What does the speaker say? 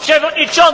przewodniczący.